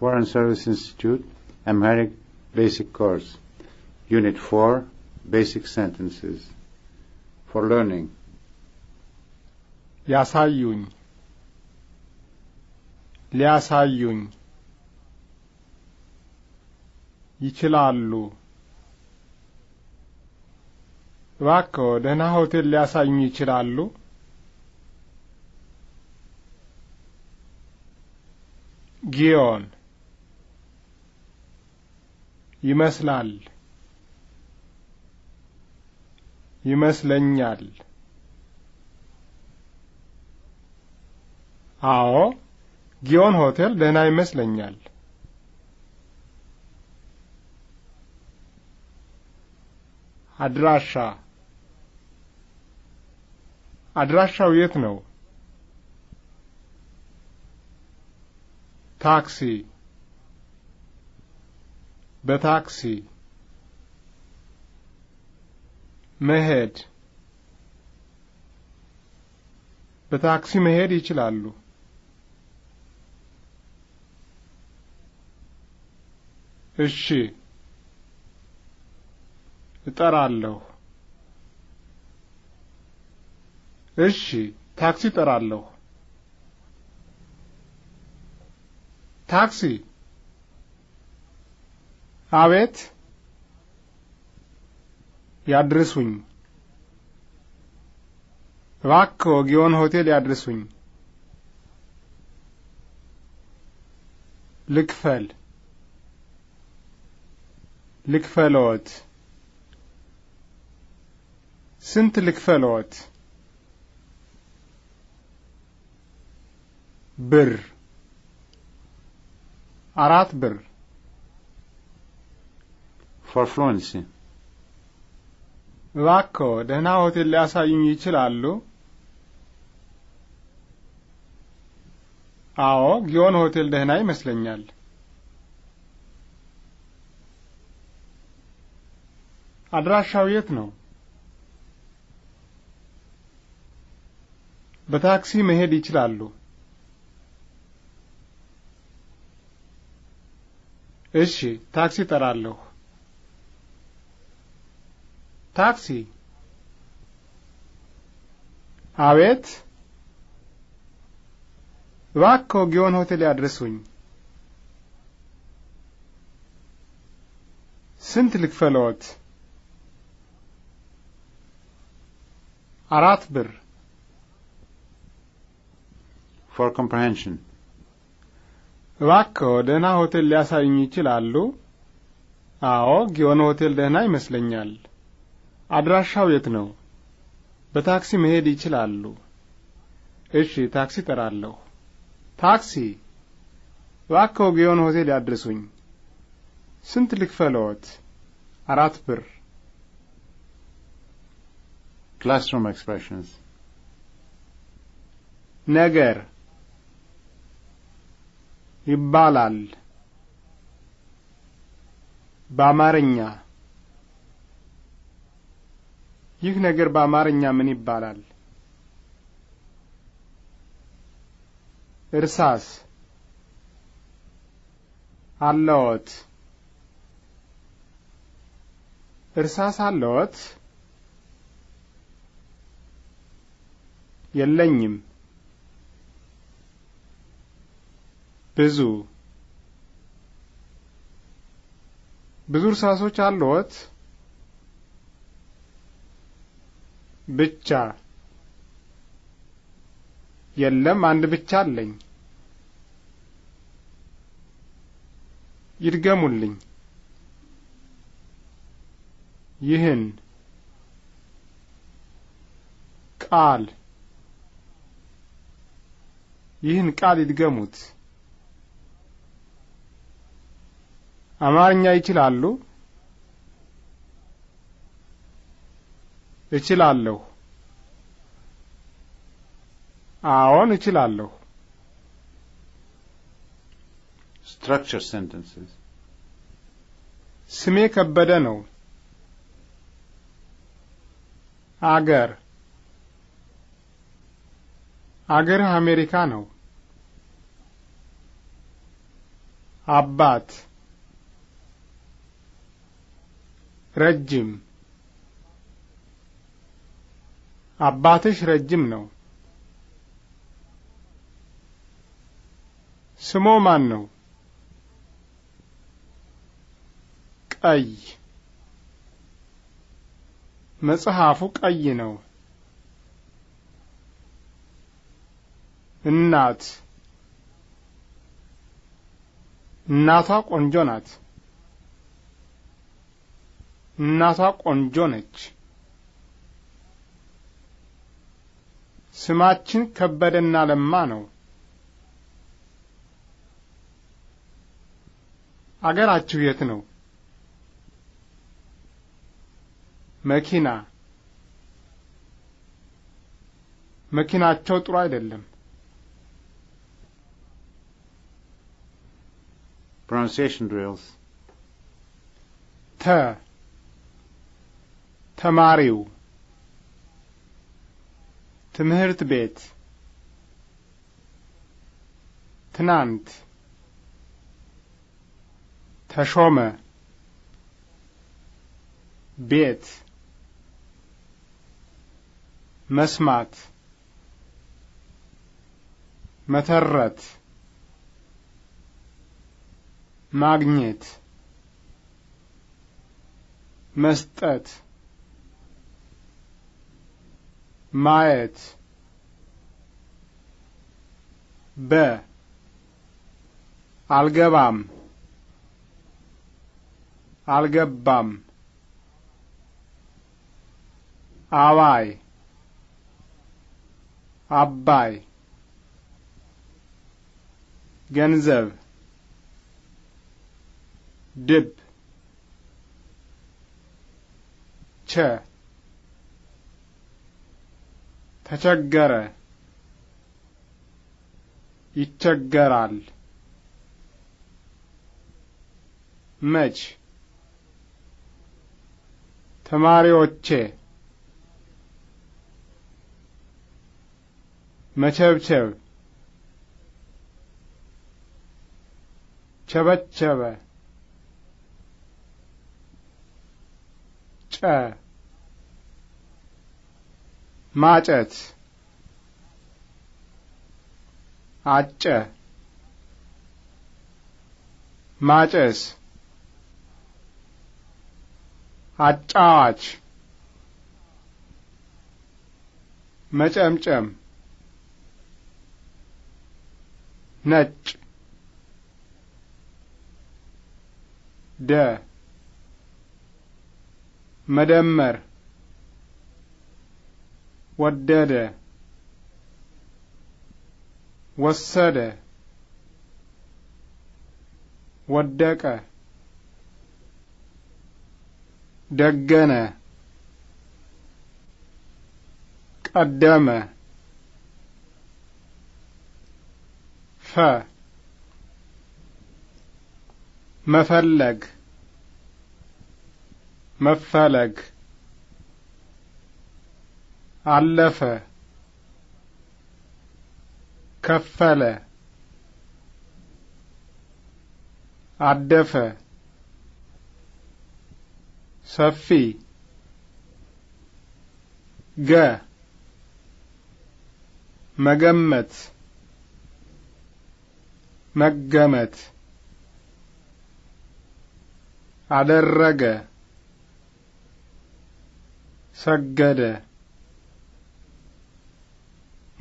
Foreign Service Institute, Amharic Basic Course, Unit 4, Basic Sentences. For learning. ያሳዩኝ ሊያሳዩኝ ይችላሉ። እባክዎ ደህና ሆቴል ሊያሳዩኝ ይችላሉ? ጊዮን ይመስላል ይመስለኛል። አዎ ጊዮን ሆቴል ደህና ይመስለኛል። አድራሻ አድራሻው የት ነው? ታክሲ በታክሲ መሄድ በታክሲ መሄድ ይችላሉ። እሺ፣ እጠራለሁ። እሺ፣ ታክሲ እጠራለሁ። ታክሲ አቤት ያድርሱኝ። እባክዎ ጊዮን ሆቴል ያድርሱኝ። ልክፈል ልክፈልዎት። ስንት ልክፈልዎት? ብር አራት ብር for Florence. እባክዎ ደህና ሆቴል ሊያሳዩኝ ይችላሉ? አዎ፣ ጊዮን ሆቴል ደህና ይመስለኛል። አድራሻው የት ነው? በታክሲ መሄድ ይችላሉ። እሺ፣ ታክሲ ጠራለሁ። ታክሲ። አቤት። እባክዎ ጊዮን ሆቴል ያድርሱኝ። ስንት ልክፈለዎት? አራት ብር። for comprehension እባክዎ ደህና ሆቴል ሊያሳዩኝ ይችላሉ? አዎ ጊዮን ሆቴል ደህና ይመስለኛል። አድራሻው የት ነው? በታክሲ መሄድ ይችላሉ። እሺ፣ ታክሲ ጠራለሁ። ታክሲ እባክዎ ጊዮን ሆቴል ያድርሱኝ። ስንት ልክፈለዎት? አራት ብር። ክላስሩም ኤክስፕሬሽንስ ነገር ይባላል በአማርኛ ይህ ነገር በአማርኛ ምን ይባላል? እርሳስ፣ አለዎት? እርሳስ አለዎት? የለኝም። ብዙ ብዙ እርሳሶች አለዎት? ብቻ የለም፣ አንድ ብቻ አለኝ። ይድገሙልኝ። ይህን ቃል ይህን ቃል ይድገሙት። አማርኛ ይችላሉ? እችላለሁ። አዎን እችላለሁ። structure sentences ስሜ ከበደ ነው። አገር አገርህ አሜሪካ ነው። አባት ረጅም አባትሽ ረጅም ነው። ስሞ ማን ነው? ቀይ መጽሐፉ ቀይ ነው። እናት እናቷ ቆንጆ ናት። እናቷ ቆንጆ ነች። ስማችን ከበደና ለማ ነው። አገራችሁ የት ነው? መኪና መኪናቸው ጥሩ አይደለም። pronunciation drills ተ ተማሪው ትምህርት ቤት ትናንት ተሾመ ቤት መስማት መተረት ማግኘት መስጠት ማየት በ አልገባም አልገባም አባይ አባይ ገንዘብ ድብ ቸ ተቸገረ፣ ይቸገራል። መች ተማሪዎቼ መቸብቸብ ቸበቸበ ጨ ማጨት አጨ ማጨስ አጫዋች መጨምጨም ነጭ ደ መደመር ودد وسد ودك دقنا قدم ف مفلق مفلق አለፈ ከፈለ አደፈ ሰፊ ገ መገመት መገመት አደረገ ሰገደ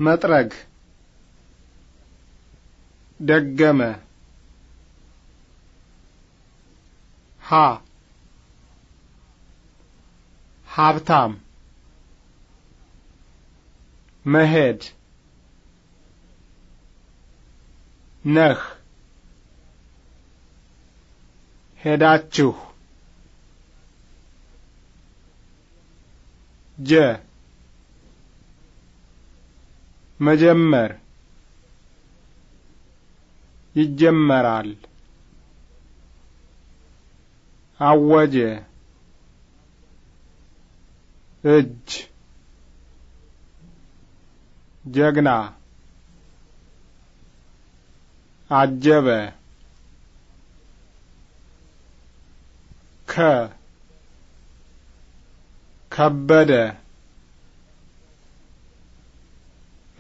መጥረግ ደገመ ሀ ሀብታም መሄድ ነህ ሄዳችሁ ጀ መጀመር ይጀመራል። አወጀ እጅ ጀግና አጀበ ከ ከበደ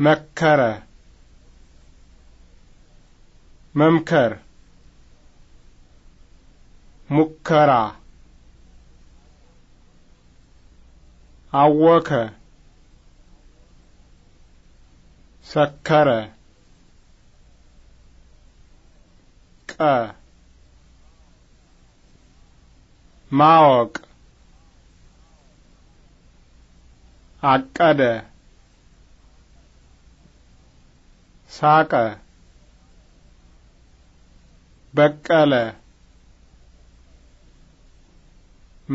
መከረ መምከር ሙከራ አወከ ሰከረ ቀ ማወቅ አቀደ ሳቀ በቀለ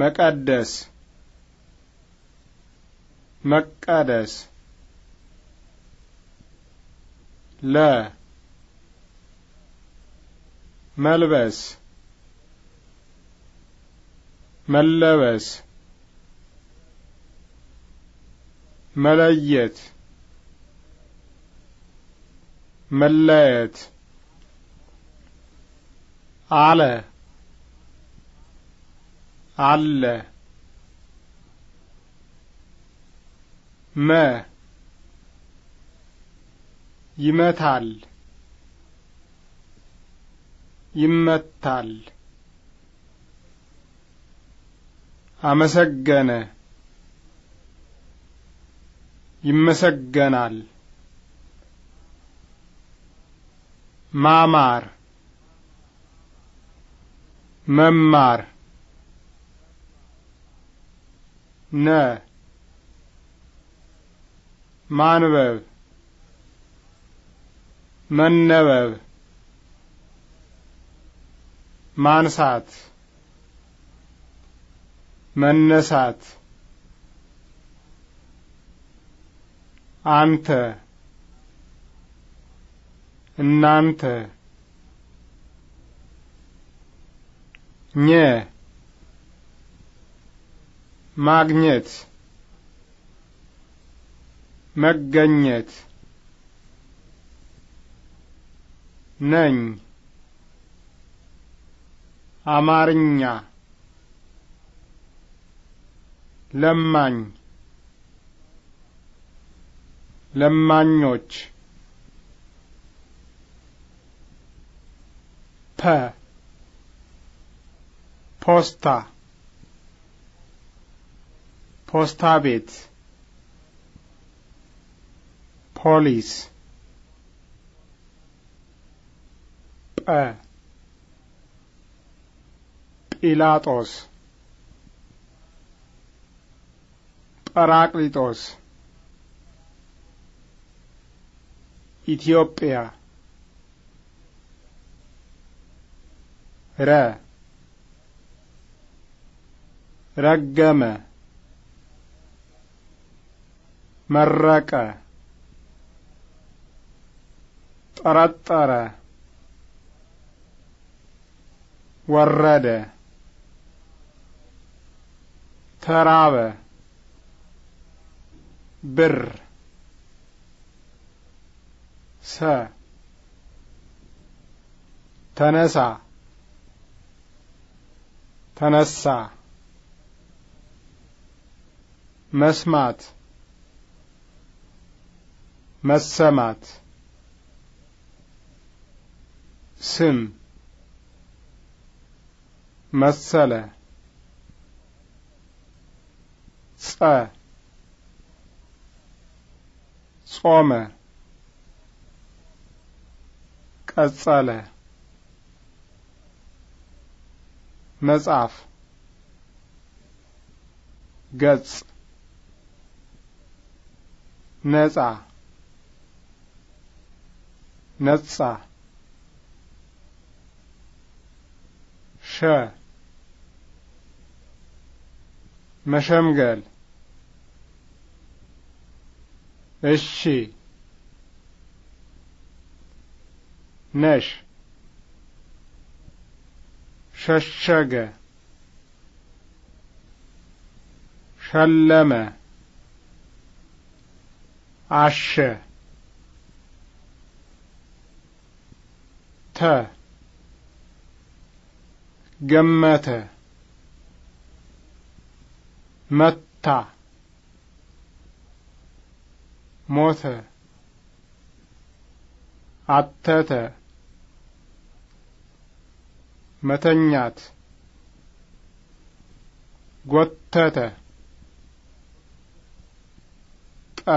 መቀደስ መቀደስ ለ መልበስ መለበስ መለየት መለየት አለ አለ መ ይመታል ይመታል አመሰገነ ይመሰገናል ማማር መማር ነ ማንበብ መነበብ ማንሳት መነሳት አንተ እናንተ ኘ ማግኘት መገኘት ነኝ አማርኛ ለማኝ ለማኞች π πόστα πόσταβιτ πόλις π πιλάτος παράκλητος Ethiopia. را رجم مرقا طرطر ورد تراب بر س تنسى ተነሳ መስማት መሰማት ስም መሰለ ጸ ጾመ ቀጸለ መጽሐፍ ገጽ ነጻ ነጻ ሸ መሸምገል እሺ ነሽ ሸሸገ፣ ሸለመ፣ አሸ፣ ተ፣ ገመተ፣ መታ፣ ሞተ፣ አተተ መተኛት ጎተተ ጠ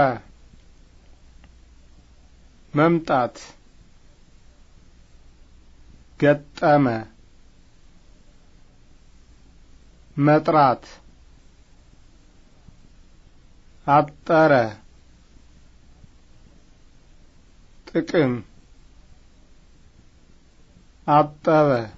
መምጣት ገጠመ መጥራት አጠረ ጥቅም አጠበ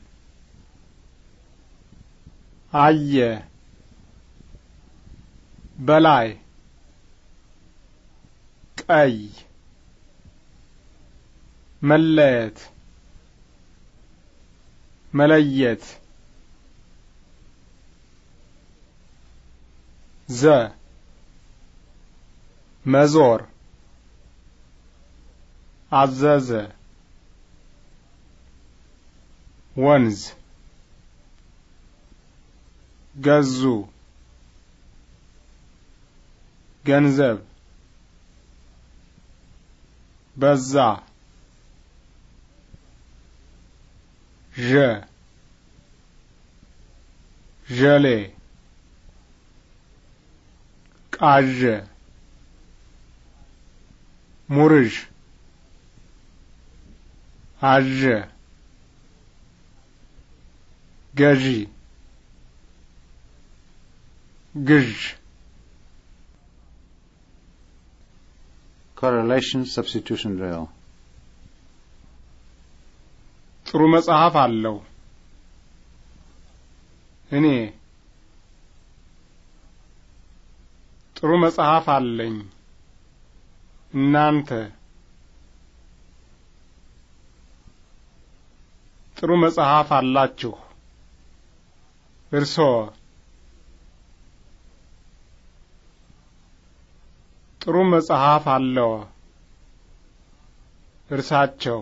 አየ በላይ ቀይ መለየት መለየት ዘ መዞር አዘዘ ወንዝ ገዙ ገንዘብ በዛ ዠ ዠሌ ቃዠ ሙርዥ አዠ ገዢ ግዥ correlation substitution drill ጥሩ መጽሐፍ አለው እኔ ጥሩ መጽሐፍ አለኝ እናንተ ጥሩ መጽሐፍ አላችሁ እርስዎ ጥሩ መጽሐፍ አለው። እርሳቸው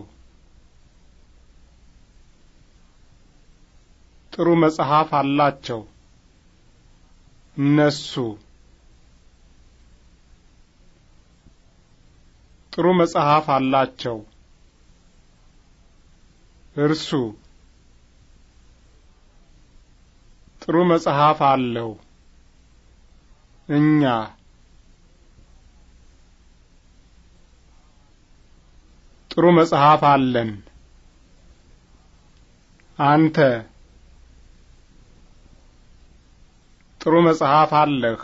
ጥሩ መጽሐፍ አላቸው። እነሱ ጥሩ መጽሐፍ አላቸው። እርሱ ጥሩ መጽሐፍ አለው። እኛ ጥሩ መጽሐፍ አለን። አንተ ጥሩ መጽሐፍ አለህ።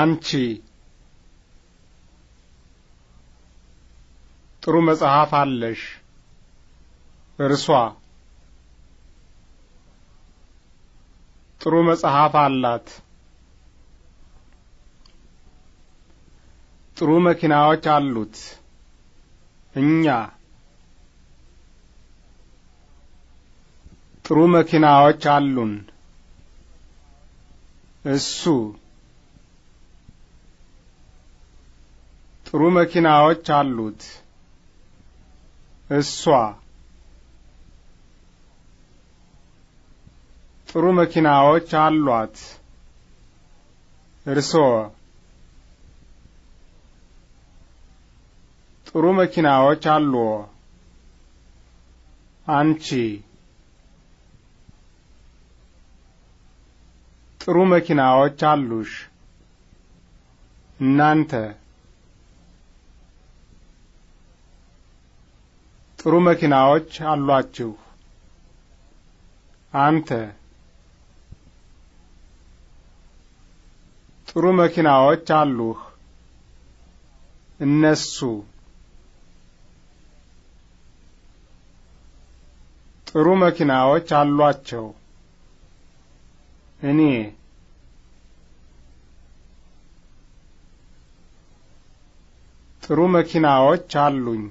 አንቺ ጥሩ መጽሐፍ አለሽ። እርሷ ጥሩ መጽሐፍ አላት። ጥሩ መኪናዎች አሉት። እኛ ጥሩ መኪናዎች አሉን። እሱ ጥሩ መኪናዎች አሉት። እሷ ጥሩ መኪናዎች አሏት። እርስዎ ጥሩ መኪናዎች አሉ። አንቺ ጥሩ መኪናዎች አሉሽ። እናንተ ጥሩ መኪናዎች አሏችሁ። አንተ ጥሩ መኪናዎች አሉህ። እነሱ ጥሩ መኪናዎች አሏቸው። እኔ ጥሩ መኪናዎች አሉኝ።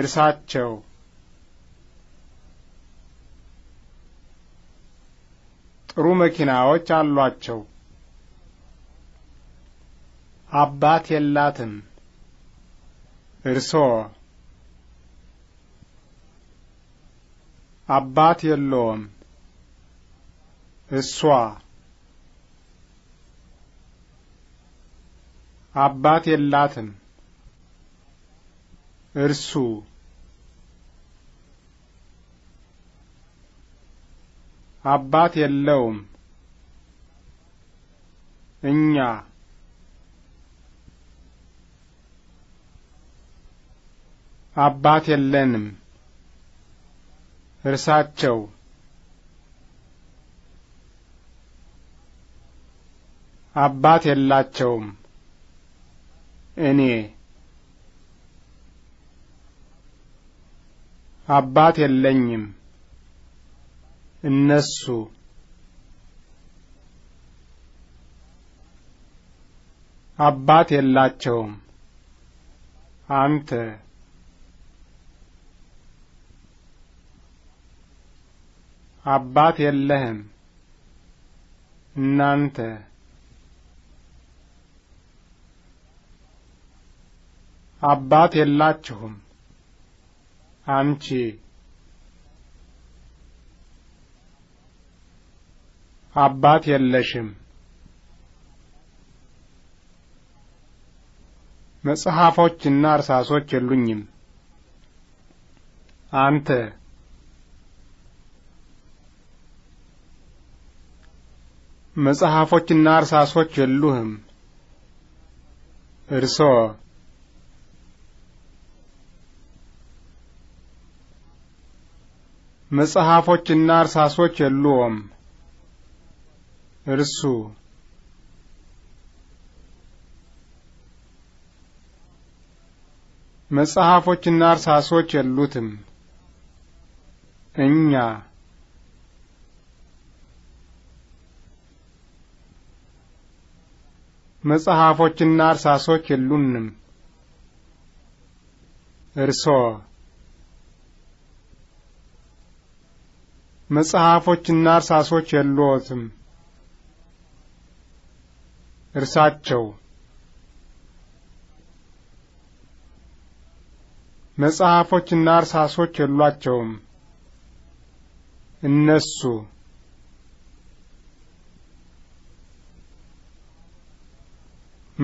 እርሳቸው ጥሩ መኪናዎች አሏቸው። አባት የላትም። እርሶ አባት የለውም። እሷ አባት የላትም። እርሱ አባት የለውም። እኛ አባት የለንም። እርሳቸው አባት የላቸውም። እኔ አባት የለኝም። እነሱ አባት የላቸውም። አንተ አባት የለህም። እናንተ አባት የላችሁም። አንቺ አባት የለሽም። መጽሐፎችና እርሳሶች የሉኝም። አንተ መጽሐፎችና እርሳሶች የሉህም። እርሶ መጽሐፎችና እርሳሶች የሉዎም። እርሱ መጽሐፎችና እርሳሶች የሉትም። እኛ መጽሐፎችና እርሳሶች የሉንም። እርሶ መጽሐፎችና እርሳሶች የሉትም። እርሳቸው መጽሐፎችና እርሳሶች የሏቸውም። እነሱ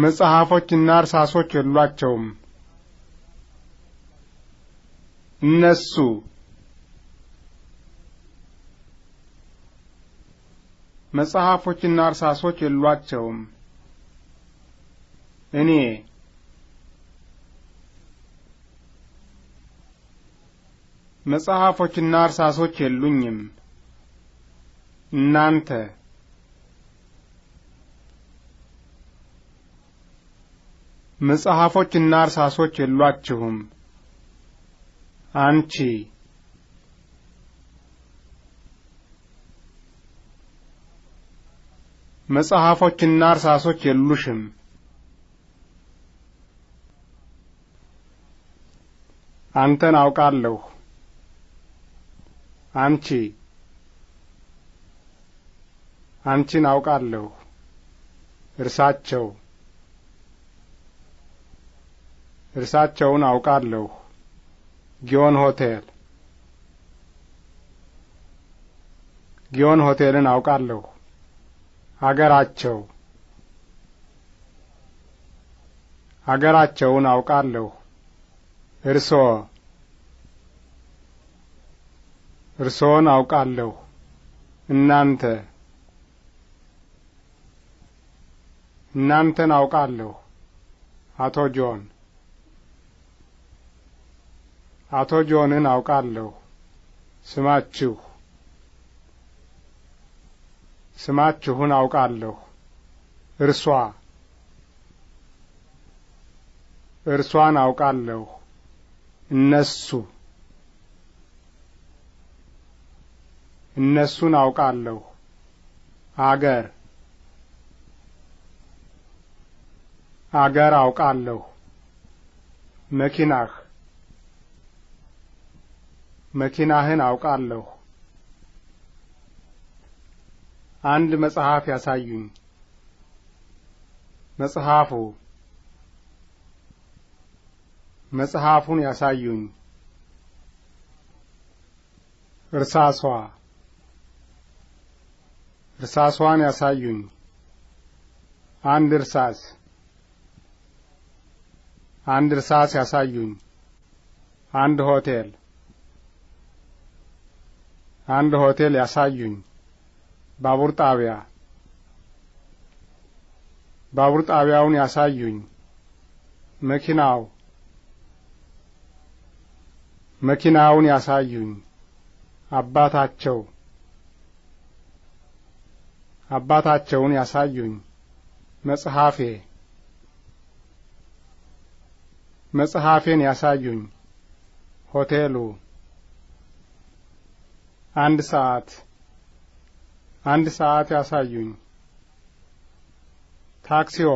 መጽሐፎችና እርሳሶች የሏቸውም። እነሱ መጽሐፎችና እርሳሶች የሏቸውም። እኔ መጽሐፎችና እርሳሶች የሉኝም። እናንተ መጽሐፎችና እርሳሶች የሏችሁም። አንቺ መጽሐፎችና እርሳሶች የሉሽም። አንተን አውቃለሁ። አንቺ አንቺን አውቃለሁ። እርሳቸው እርሳቸውን አውቃለሁ። ጊዮን ሆቴል ጊዮን ሆቴልን አውቃለሁ። አገራቸው አገራቸውን አውቃለሁ። እርሶ እርሶን አውቃለሁ። እናንተ እናንተን አውቃለሁ። አቶ ጆን አቶ ጆንን አውቃለሁ። ስማችሁ ስማችሁን አውቃለሁ። እርሷ እርሷን አውቃለሁ። እነሱ እነሱን አውቃለሁ። አገር አገር አውቃለሁ። መኪናህ መኪናህን አውቃለሁ። አንድ መጽሐፍ ያሳዩኝ። መጽሐፉ መጽሐፉን ያሳዩኝ። እርሳሷ እርሳሷን ያሳዩኝ። አንድ እርሳስ አንድ እርሳስ ያሳዩኝ። አንድ ሆቴል አንድ ሆቴል ያሳዩኝ። ባቡር ጣቢያ ባቡር ጣቢያውን ያሳዩኝ። መኪናው መኪናውን ያሳዩኝ። አባታቸው አባታቸውን ያሳዩኝ። መጽሐፌ መጽሐፌን ያሳዩኝ። ሆቴሉ አንድ ሰዓት አንድ ሰዓት ያሳዩኝ። ታክሲዎ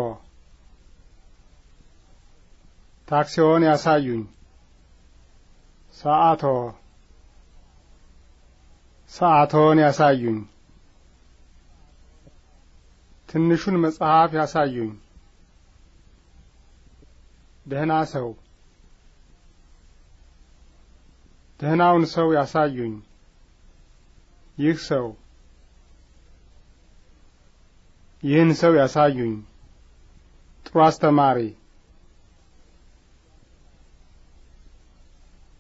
ታክሲዎን ያሳዩኝ። ሰዓቶ ሰዓቶን ያሳዩኝ። ትንሹን መጽሐፍ ያሳዩኝ። ደህና ሰው ደህናውን ሰው ያሳዩኝ። ይህ ሰው ይህን ሰው ያሳዩኝ። ጥሩ አስተማሪ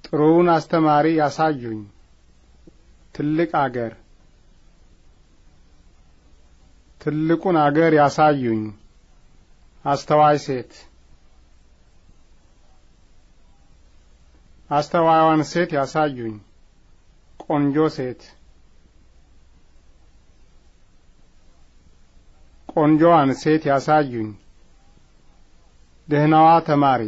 ጥሩውን አስተማሪ ያሳዩኝ። ትልቅ አገር ትልቁን አገር ያሳዩኝ። አስተዋይ ሴት አስተዋይዋን ሴት ያሳዩኝ። ቆንጆ ሴት ቆንጆዋን ሴት ያሳዩኝ። ደህናዋ ተማሪ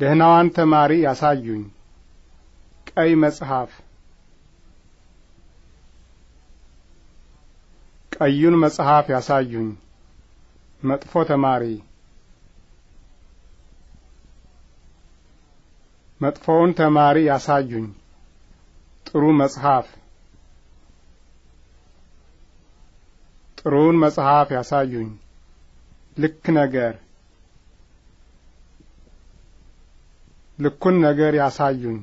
ደህናዋን ተማሪ ያሳዩኝ። ቀይ መጽሐፍ ቀዩን መጽሐፍ ያሳዩኝ። መጥፎ ተማሪ መጥፎውን ተማሪ ያሳዩኝ። ጥሩ መጽሐፍ ጥሩን መጽሐፍ ያሳዩኝ። ልክ ነገር ልኩን ነገር ያሳዩኝ።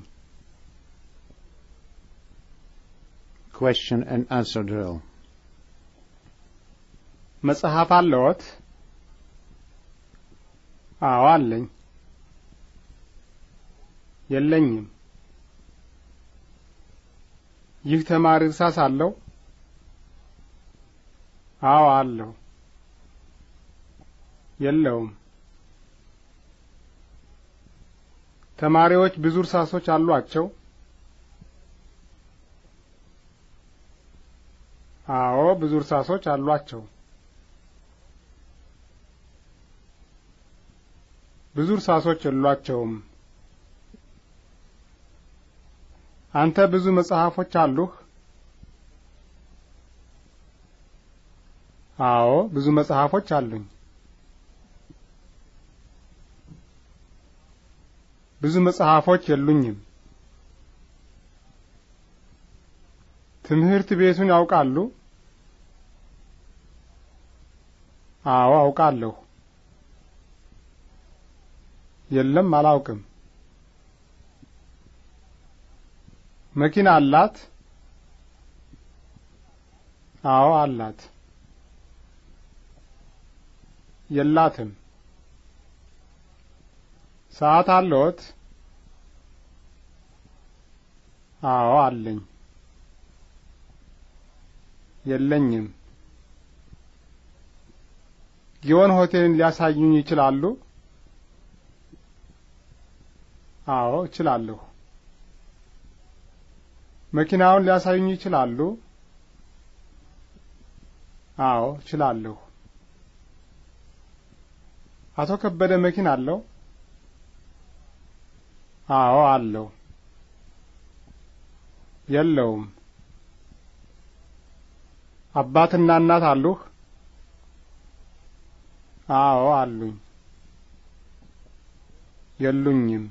question and answer drill መጽሐፍ አለዎት? አዎ አለኝ። የለኝም። ይህ ተማሪ እርሳስ አለው? አዎ አለሁ። የለውም። ተማሪዎች ብዙ እርሳሶች አሏቸው? አዎ፣ ብዙ እርሳሶች አሏቸው። ብዙ እርሳሶች የሏቸውም። አንተ ብዙ መጽሐፎች አሉህ? አዎ ብዙ መጽሐፎች አሉኝ። ብዙ መጽሐፎች የሉኝም። ትምህርት ቤቱን ያውቃሉ? አዎ አውቃለሁ። የለም አላውቅም። መኪና አላት? አዎ አላት። የላትም። ሰዓት አለዎት? አዎ አለኝ። የለኝም። ጊዮን ሆቴልን ሊያሳዩኝ ይችላሉ? አዎ እችላለሁ። መኪናውን ሊያሳዩኝ ይችላሉ? አዎ እችላለሁ። አቶ ከበደ መኪና አለው? አዎ አለው። የለውም። አባትና እናት አሉህ? አዎ አሉኝ። የሉኝም።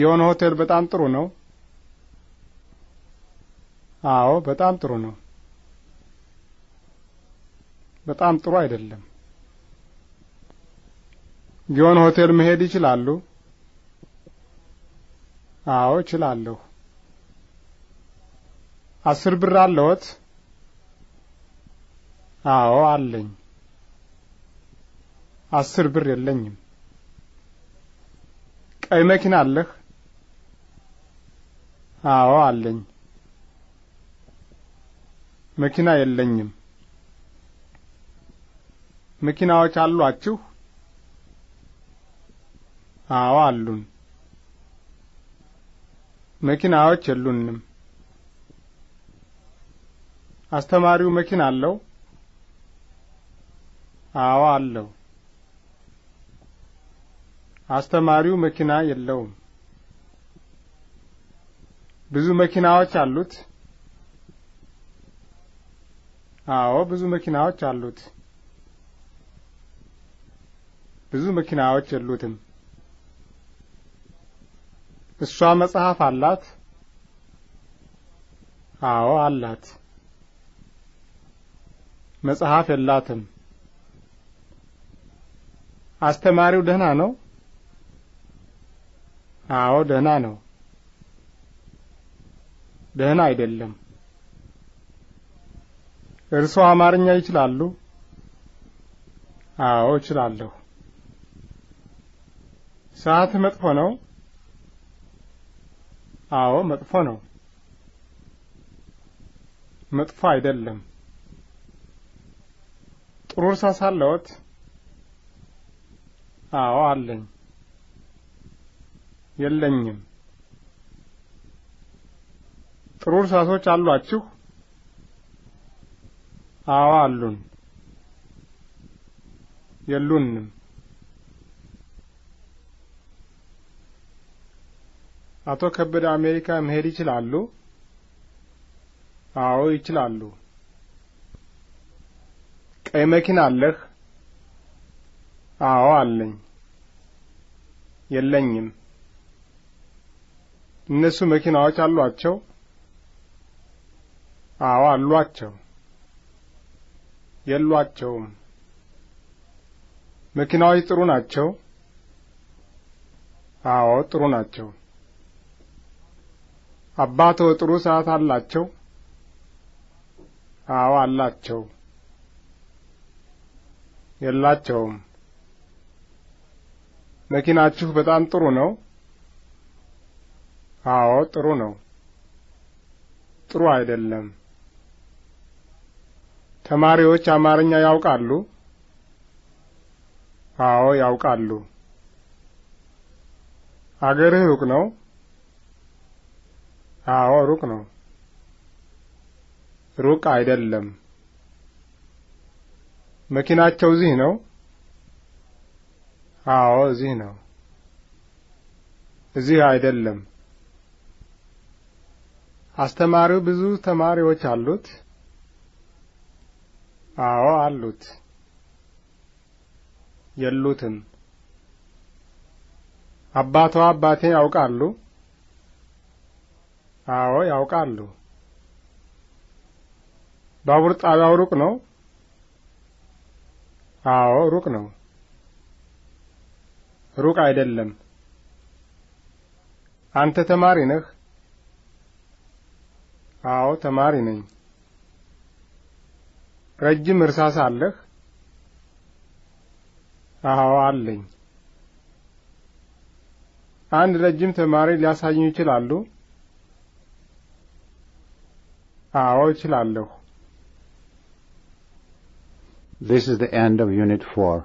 የሆነ ሆቴል በጣም ጥሩ ነው? አዎ በጣም ጥሩ ነው። በጣም ጥሩ አይደለም። ጊዮን ሆቴል መሄድ ይችላሉ? አዎ እችላለሁ። አስር ብር አለዎት? አዎ አለኝ። አስር ብር የለኝም። ቀይ መኪና አለህ? አዎ አለኝ። መኪና የለኝም። መኪናዎች አሏችሁ? አዎ አሉን። መኪናዎች የሉንም። አስተማሪው መኪና አለው? አዎ አለው። አስተማሪው መኪና የለውም። ብዙ መኪናዎች አሉት? አዎ ብዙ መኪናዎች አሉት። ብዙ መኪናዎች የሉትም። እሷ መጽሐፍ አላት? አዎ አላት። መጽሐፍ የላትም። አስተማሪው ደህና ነው? አዎ ደህና ነው። ደህና አይደለም። እርስዎ አማርኛ ይችላሉ? አዎ እችላለሁ። ሰዓት መጥፎ ነው? አዎ መጥፎ ነው። መጥፎ አይደለም። ጥሩ እርሳስ አለዎት? አዎ አለኝ። የለኝም። ጥሩ እርሳሶች አሏችሁ? አዎ አሉን። የሉንም። አቶ ከበደ አሜሪካ መሄድ ይችላሉ? አዎ ይችላሉ። ቀይ መኪና አለህ? አዎ አለኝ። የለኝም። እነሱ መኪናዎች አሏቸው? አዎ አሏቸው። የሏቸውም። መኪናዎች ጥሩ ናቸው? አዎ ጥሩ ናቸው። አባቶ ጥሩ ሰዓት አላቸው? አዎ አላቸው። የላቸውም። መኪናችሁ በጣም ጥሩ ነው? አዎ ጥሩ ነው። ጥሩ አይደለም። ተማሪዎች አማርኛ ያውቃሉ? አዎ ያውቃሉ። አገርህ ሩቅ ነው? አዎ ሩቅ ነው። ሩቅ አይደለም። መኪናቸው እዚህ ነው? አዎ እዚህ ነው። እዚህ አይደለም። አስተማሪው ብዙ ተማሪዎች አሉት? አዎ አሉት። የሉትም። አባቷ አባቴ ያውቃሉ? አዎ ያውቃሉ። ባቡር ጣቢያው ሩቅ ነው? አዎ ሩቅ ነው። ሩቅ አይደለም። አንተ ተማሪ ነህ? አዎ ተማሪ ነኝ። ረጅም እርሳስ አለህ? አዎ አለኝ። አንድ ረጅም ተማሪ ሊያሳዩኝ ይችላሉ? አዎ እችላለሁ። This is the end of Unit 4.